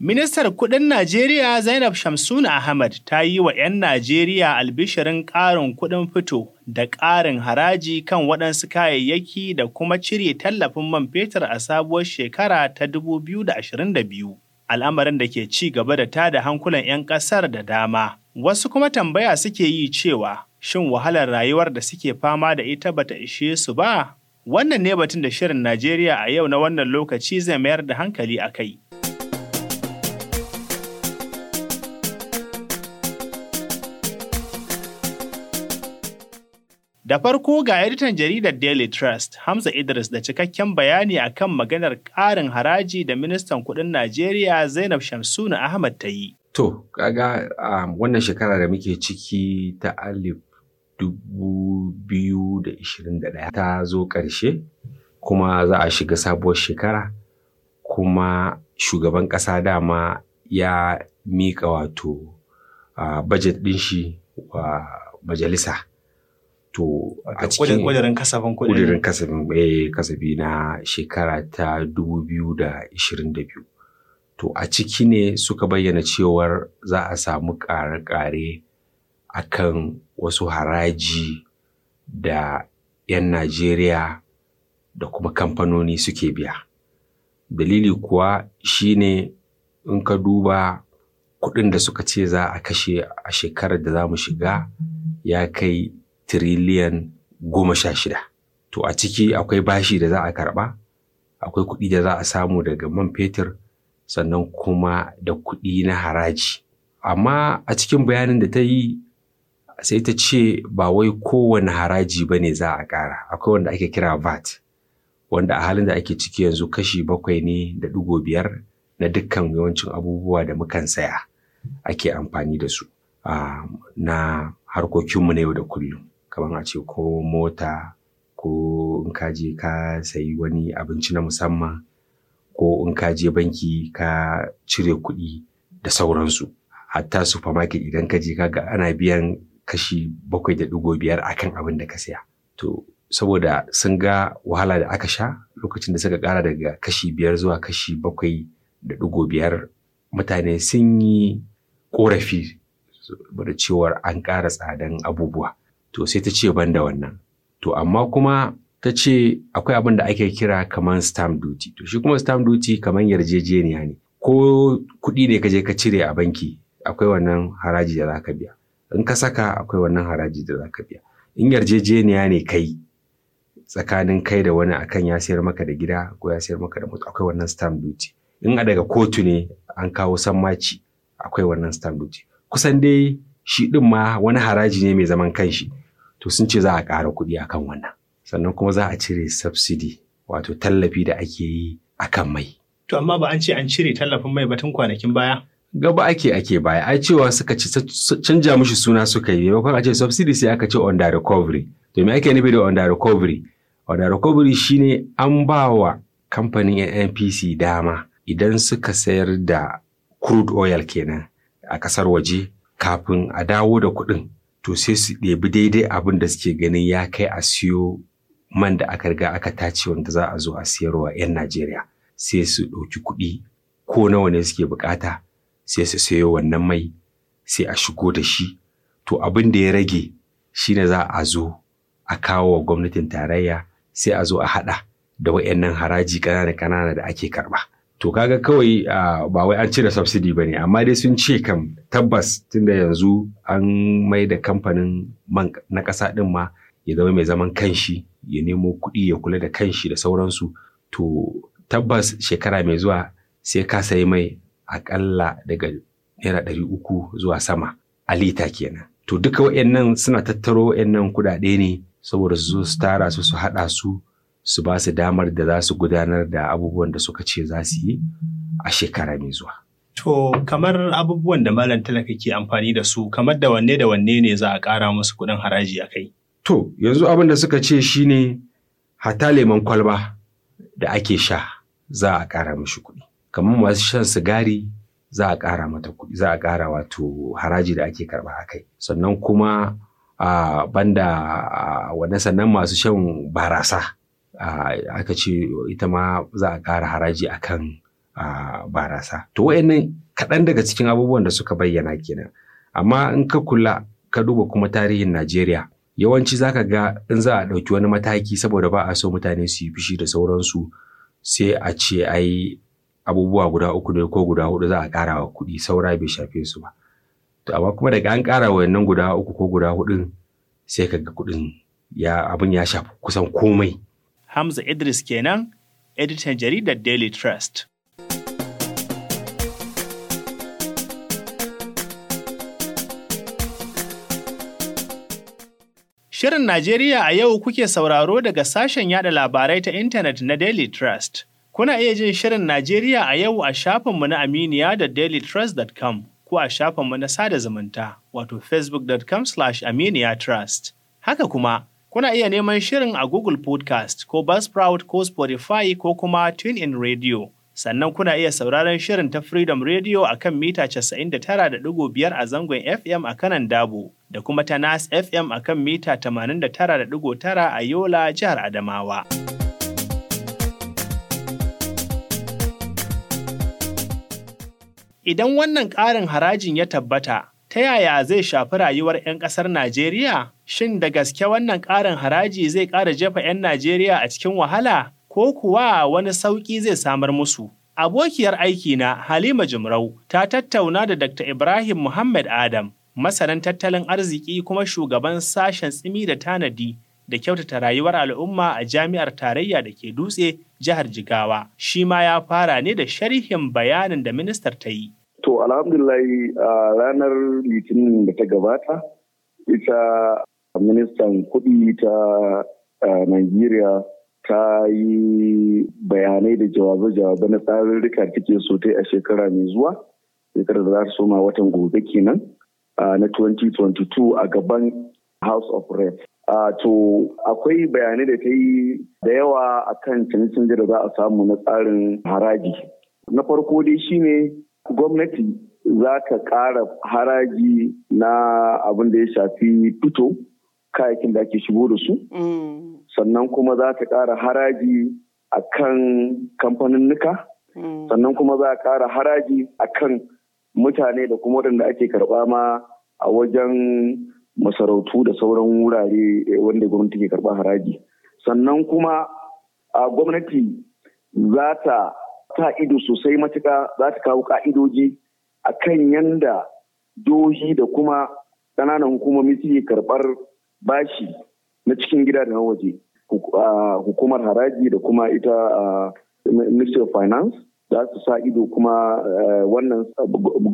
Ministar Kuɗin Najeriya Zainab Shamsuna Ahmad ta yi wa 'yan Najeriya albishirin ƙarin kuɗin fito da ƙarin haraji kan waɗansu kayayyaki da kuma cire tallafin man fetur a sabuwar shekara ta 2022. Al'amarin da ke ci gaba da ta da hankulan 'yan ƙasar da dama. Wasu kuma tambaya suke yi cewa, shin wahalar rayuwar da suke fama da ita bata ishe su ba? Wannan ne batun da Shirin Najeriya a yau na wannan lokaci zai mayar da hankali a kai. Da farko ga editan jaridar Daily Trust, Hamza Idris da cikakken bayani a kan maganar ƙarin haraji da ministan kuɗin Najeriya Zainab Shamsuna Ahmad ta yi. To, kaga um, wannan shekara da muke ciki ta alif dubu biyu da ishirin da ɗaya ta zo ƙarshe kuma za a shiga sabuwar shekara kuma shugaban ƙasa dama ya miƙa wato uh, bajet ɗin shi wa majalisa. to a cikin kudirin kasafin kudirin kasafin eh, kasafi na shekara ta 2022 to a ciki ne suka bayyana cewar za a samu ƙare-ƙare a kan wasu haraji da 'yan najeriya da kuma kamfanoni suke biya dalili kuwa shine in ka duba kuɗin da suka ce za a kashe a shekarar da za mu shiga ya kai tiriliyan goma sha shida. To a ciki akwai bashi da za a karɓa, akwai kuɗi da za a samu daga man fetur, sannan kuma da kuɗi na haraji. Amma a cikin bayanin da ta yi sai ta ce ba wai kowane haraji ba ne za a ƙara, akwai wanda ake kira VAT, wanda a halin da ake ciki yanzu kashi bakwai ne da ɗigo biyar na dukkan yawancin abubuwa da mukan saya ake amfani da su ah, na harkokinmu na yau da kullum. kamar a ce ko mota ko in ka je ka sayi wani abinci na musamman ko in ka je banki ka cire kuɗi da sauransu hatta supermarket idan ka je kaga ana biyan kashi bakwai da ɗigo biyar akan abin da ka saya to saboda sun ga wahala da aka sha lokacin da suka ƙara daga kashi biyar zuwa kashi bakwai da digo biyar mutane sun yi ƙorafi da cewar an ƙara tsadan abubuwa to sai ta ce ban da wannan to amma kuma ta ce akwai abin da ake kira kamar stamp duty to shi kuma stamp duty kamar yarjejeniya ne ko kuɗi ne ka je ka cire a banki akwai wannan haraji da zaka biya in ka saka akwai wannan haraji da zaka biya in yarjejeniya ne kai tsakanin kai da wani akan ya sayar maka da gida ko ya sayar maka da mota akwai wannan stamp duty in a daga kotu ne an kawo sammaci akwai wannan stamp duty kusan dai shi ɗin ma wani haraji ne mai zaman kanshi to sun ce za a ƙara kuɗi akan wannan sannan kuma za a cire subsidy wato tallafi da ake yi akan mai to amma ba an ce an cire tallafin mai batun kwanakin baya gaba ake ake baya ai cewa suka ci canja mushi suna suka yi maimakon a ce subsidy sai aka ce under recovery to me ake nufi da under recovery under recovery shine an ba wa kamfanin NNPC dama idan suka sayar da crude oil kenan a ƙasar waje kafin a dawo da kuɗin to sai su ɗebi daidai abin da suke ganin ya kai a siyo man da aka riga aka tace wanda za a zo a siyarwa 'yan Najeriya sai su ɗauki kuɗi ko nawa ne suke bukata sai su sayo wannan mai sai a shigo da shi to abin da ya rage shine za a zo a kawo wa gwamnatin tarayya sai a zo a haɗa da wayannan haraji ƙanana-ƙanana da ake karɓa. to kaga kawai ba wai an cire subsidy ba ne amma dai sun ce kam tabbas tunda yanzu an mai da kamfanin man na ƙasa ɗin ma ya zama mai zaman kanshi ya nemo kuɗi ya kula da kanshi da sauransu to tabbas shekara mai zuwa sai ka sayi mai aƙalla daga naira ɗari uku zuwa sama a lita kenan to duka waɗannan suna tattaro waɗannan kuɗaɗe ne saboda su su tara su su haɗa su su ba su damar da za su gudanar da abubuwan da suka ce za su yi a shekara mai zuwa. To kamar abubuwan da malam talaka ke amfani da su kamar da wanne da wanne ne za a ƙara musu kuɗin haraji a kai? To yanzu abin da suka ce shine hata leman kwalba da ake sha za a ƙara mishi kuɗi. Kamar masu shan sigari za a ƙara mata kuɗi za a ƙara wato haraji da ake karɓa a kai. Sannan kuma a ah, banda ah, wannan sannan masu shan barasa aka ce ita ma za a ƙara haraji a kan barasa to wayannan kaɗan daga cikin abubuwan da suka bayyana kenan amma in ka kula ka duba kuma tarihin Najeriya yawanci za ka ga in za a ɗauki wani mataki saboda ba a so mutane su yi fushi da sauransu sai a ce ai abubuwa guda uku ne ko guda hudu za a ƙara wa kuɗi saura bai shafe su ba to amma kuma daga an ƙara wayannan guda uku ko guda hudun sai ka ga kuɗin ya abin ya shafi kusan komai Hamza Idris kenan, editan jaridar Daily Trust. Shirin Najeriya a yau kuke sauraro daga sashen yada labarai ta intanet na Daily Trust. Kuna iya jin Shirin Najeriya a yau a shafinmu na Aminiya da dailytrust.com ko a shafinmu na sada zumunta wato facebook.com/aminiya trust. Haka kuma, Kuna iya neman shirin a Google Podcast ko Buzzsprout ko Spotify ko kuma TuneIn Radio. Sannan kuna iya sauraron shirin ta Freedom Radio a kan mita 99.5 a zangon FM a kanan Dabo da kuma ta Nas FM a kan mita 89.9 a Yola, Jihar Adamawa. Idan wannan ƙarin harajin ya tabbata, ta yaya zai shafi rayuwar 'yan ƙasar Najeriya? Shin da gaske wannan ƙarin haraji zai ƙara jefa 'yan Najeriya a cikin wahala ko kuwa wani sauƙi zai samar musu? Abokiyar aiki na Halima Jimrau ta tattauna da Dr. Ibrahim Muhammad Adam, masanin tattalin arziki kuma shugaban sashen tsimi da tanadi da kyautata rayuwar al'umma a jami'ar tarayya da ke dutse jihar Jigawa. Shi ma ya fara ne da sharhin bayanin da ministar ta yi. To alhamdulillah a ranar litinin da ta gabata ita ministan kuɗi ta Najeriya ta yi bayanai da jawabe-jawabe na tsarin rika take so ta a shekara mai zuwa shekarar da za ta soma watan gobe kenan na 2022 a gaban House of Reps. to akwai bayanai da ta yi da yawa akan kan canje da za a samu na tsarin haraji. Na farko dai shine gwamnati za ta ƙara haraji na abin da ya shafi fito kayakin da ake shigo da su mm. sannan kuma za ta ƙara haraji a kan kamfaninnika mm. sannan kuma za a ƙara haraji a kan mutane da kuma waɗanda ake karɓa ma a wajen masarautu da sauran wurare eh, wanda gwamnati ke karɓa haraji sannan kuma a gwamnati za ta sa ido sosai matuka za ta kawo ka'idoji a kan yanda dohi da kuma ƙananan hukumomi suke karɓar bashi na cikin gida da na waje hukumar haraji da kuma ita ministry of finance za su sa ido kuma wannan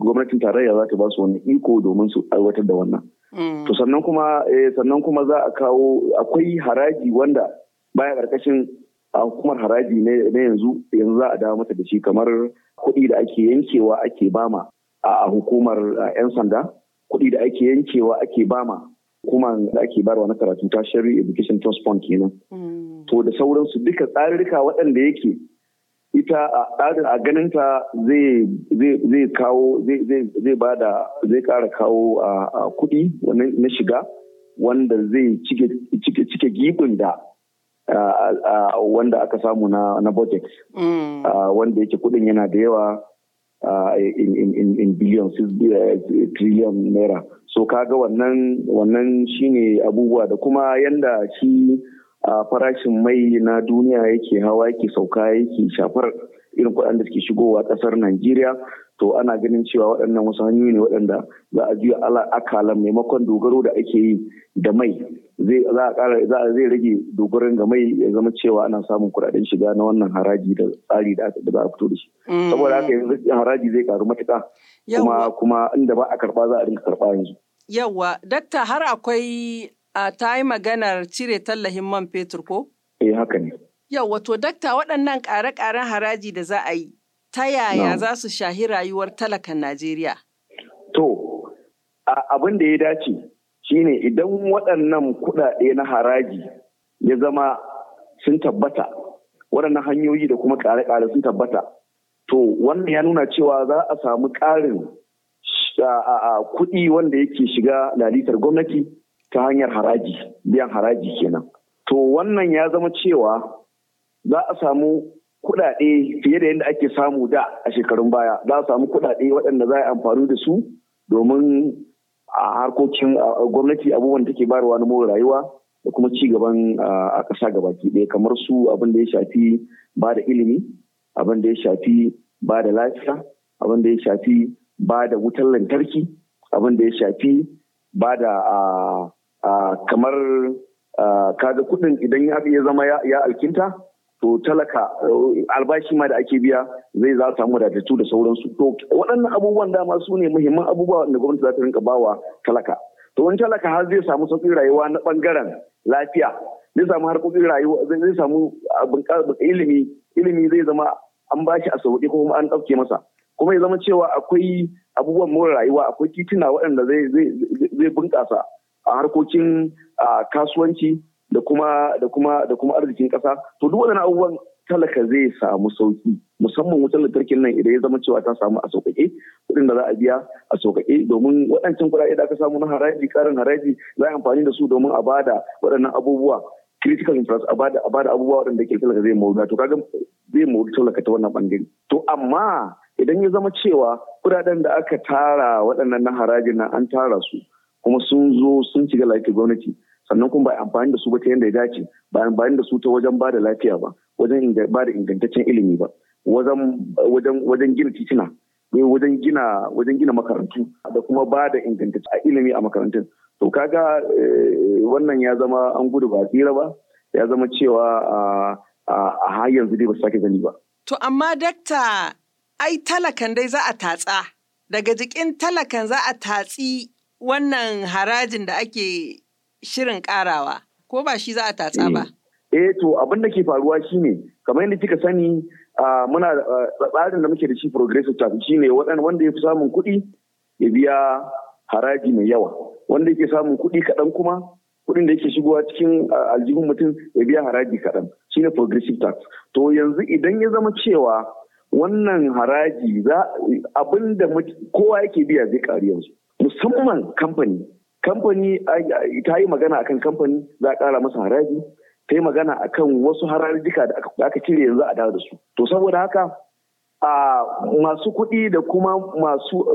gwamnatin tarayya za ta ba su wani iko domin su aiwatar da wannan mm. to sannan kuma eh, sannan kuma za a kawo akwai haraji wanda baya ƙarƙashin A hukumar haraji na yanzu yanzu za a dawo mata da shi kamar kuɗi da ake yankewa ake bama a hukumar 'yan sanda kuɗi da ake yankewa ake bama kuma da ake barwa na ta shari education trust fund kenan hmm. to da sauransu duka tsarirka waɗanda yake ita tsarin a ganinta zai kawo zai zai bada zai kara kawo kuɗi na shiga wanda zai cike gibin da wanda aka samu na budget mm. wanda yake kudin yana da yawa in billion eh, trillion naira so kaga wannan wannan shine abubuwa da kuma yanda shi farashin mai na duniya yake hawa yake sauka yake shafar irin kudin da suke shigowa ƙasar Najeriya to ana ganin cewa waɗannan wasu hanyoyi ne waɗanda za a juya akalan maimakon dogaro da ake yi da mai zai za a ƙara za a zai rage dogaron ga mai ya zama cewa ana samun kuɗaɗen shiga na wannan haraji da tsari da za a fito da shi mm. saboda haka yanzu haraji zai karu matuƙa kuma kuma inda ba a karɓa za a rinka karɓa yanzu yawa dakta har akwai a ta yi maganar cire tallahin man fetur ko eh haka ne yawa to dakta waɗannan ƙare-ƙaren haraji da za a yi ta yaya za su shahi rayuwar talakan Najeriya? To, abin da ya dace shine idan waɗannan kuɗaɗe na haraji ya zama sun tabbata, waɗannan hanyoyi da kuma ƙare-ƙare sun tabbata, to wannan ya nuna cewa za a samu ƙarin kuɗi wanda yake shiga lalitar gwamnati ta hanyar haraji, biyan haraji kenan. To wannan ya zama cewa za a samu kuɗaɗe fiye da yadda ake samu da a shekarun baya za a samu kuɗaɗe waɗanda za a amfani da su domin a harkokin gwamnati abubuwan da take bayarwa na more rayuwa da kuma ci gaban a ƙasa gabaki ɗaya kamar su abin da ya shafi ba da ilimi abin da ya shafi ba da lafiya abin da ya shafi ba da wutar lantarki abin da ya shafi ba da kamar kaga kuɗin idan ya zama ya alkinta to talaka albashi ma da ake biya zai za samu wadatattu da sauransu to waɗannan abubuwan dama su ne muhimman abubuwa da gwamnati za ta rinka bawa talaka to wani talaka har zai samu sauƙin rayuwa na ɓangaren lafiya zai samu harkokin rayuwa zai samu ah, ilimi ilimi zai zama an bashi a sauƙi kuma an ɗauke masa kuma ya zama cewa akwai abubuwan more rayuwa akwai tituna waɗanda zai bunƙasa a harkokin ah, kasuwanci da kuma da kuma da kuma arzikin ƙasa to duk waɗannan abubuwan talaka zai samu sauki musamman wutar lantarkin nan idan ya zama cewa ta samu a sauƙaƙe kuɗin da za a biya a sauƙaƙe domin waɗancan kuɗaɗe da aka samu na haraji ƙarin haraji za a amfani da su domin a bada waɗannan abubuwa critical interest a bada a bada abubuwa waɗanda ke talaka zai mawuga to kaga zai mawuga talaka ta wannan ɓangare to amma idan ya zama cewa kuɗaɗen da aka tara waɗannan na harajin nan an tara su kuma sun zo sun shiga lafiyar gwamnati sannan kuma ba amfani da su ba ta yadda ya dace ba amfani da su ta wajen ba da lafiya ba wajen ba da ingantaccen ilimi ba wajen gina titina eh, wajen gina wajen gina makarantu da kuma ba da ingantaccen ilimi a makarantun to kaga eh, wannan ya zama an gudu ba tsira ba ya zama cewa ah, ah, a har yanzu dai ba sake gani ba to amma dakta ai talakan dai za a tatsa daga jikin talakan za a tatsi wannan harajin da ake shirin karawa ko ba shi za a tatsa ba. Eh, eh to abin da ke faruwa shine kamar yadda kika sani muna tsarin da muke da shi progressive tax shi ne wanda ya fi samun kuɗi ya biya haraji mai yawa wanda yake samun kuɗi kaɗan kuma kuɗin da yake shigowa cikin aljihun mutum ya biya haraji kaɗan shi ne progressive tax to yanzu idan ya zama cewa wannan haraji za abin da kowa yake biya zai ƙari yanzu musamman kamfani kamfani ta yi magana akan kamfani za a ƙara masa haraji ta yi magana akan wasu hararjika da aka cire yanzu a dawo da su to saboda haka a masu kuɗi da kuma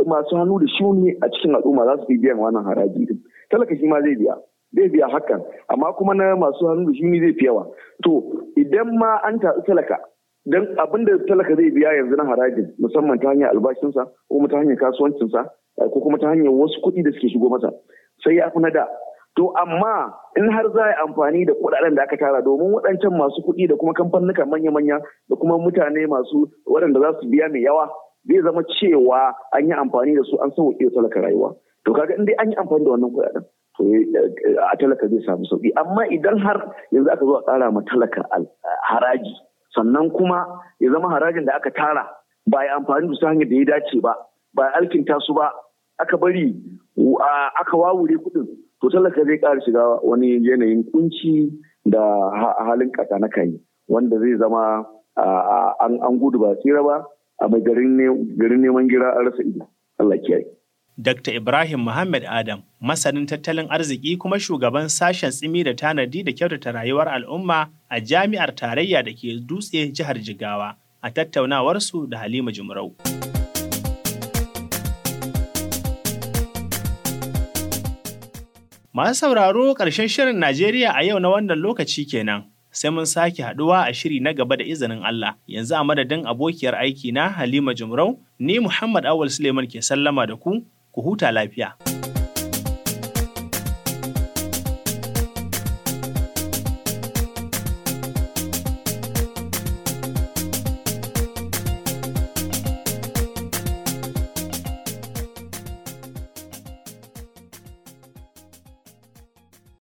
masu hannu da shuni a cikin al'umma za su fi biyan wannan haraji din talaka shi ma zai biya zai biya hakan amma kuma na masu hannu da shuni zai fi yawa to idan ma an tatsi talaka don abin da talaka zai biya yanzu na harajin musamman ta hanyar albashinsa ko kuma ta hanyar kasuwancinsa ko kuma ta hanyar wasu kuɗi da suke shigo masa sai ya fi na to amma in har za a amfani da kuɗaɗen da aka tara domin waɗancan masu kuɗi da kuma kamfanuka manya-manya da kuma mutane masu waɗanda za su biya mai yawa zai zama cewa an yi amfani da su an sauƙi da talaka rayuwa to kaga in dai an yi amfani da wannan kuɗaɗen to eh, a talaka zai samu sauƙi amma idan har yanzu aka zo a ƙara ma talaka haraji sannan kuma ya zama harajin da aka tara ba ya amfani da su hanyar da ya dace ba ba ya alkinta su ba aka bari aka wawure kudin, to talaka zai ƙara shiga wani yanayin kunci da halin kasa na kai wanda zai zama an gudu ba tsira ba a mai garin neman gira a rasa ido Allah kiyaye. Dr. Ibrahim Muhammad Adam, masanin tattalin arziki kuma shugaban sashen tsimi da tanadi da kyautata rayuwar al'umma a jami'ar tarayya da ke dutse jihar Jigawa a tattaunawarsu da Halima Jumrau. Masu sauraro ƙarshen shirin Najeriya a yau na wannan lokaci kenan. Sai mun sake haɗuwa a shiri na gaba da izinin Allah. Yanzu a madadin abokiyar aiki na Halima Jumrau, ni Muhammad Awul Suleiman ke sallama da ku, ku huta lafiya.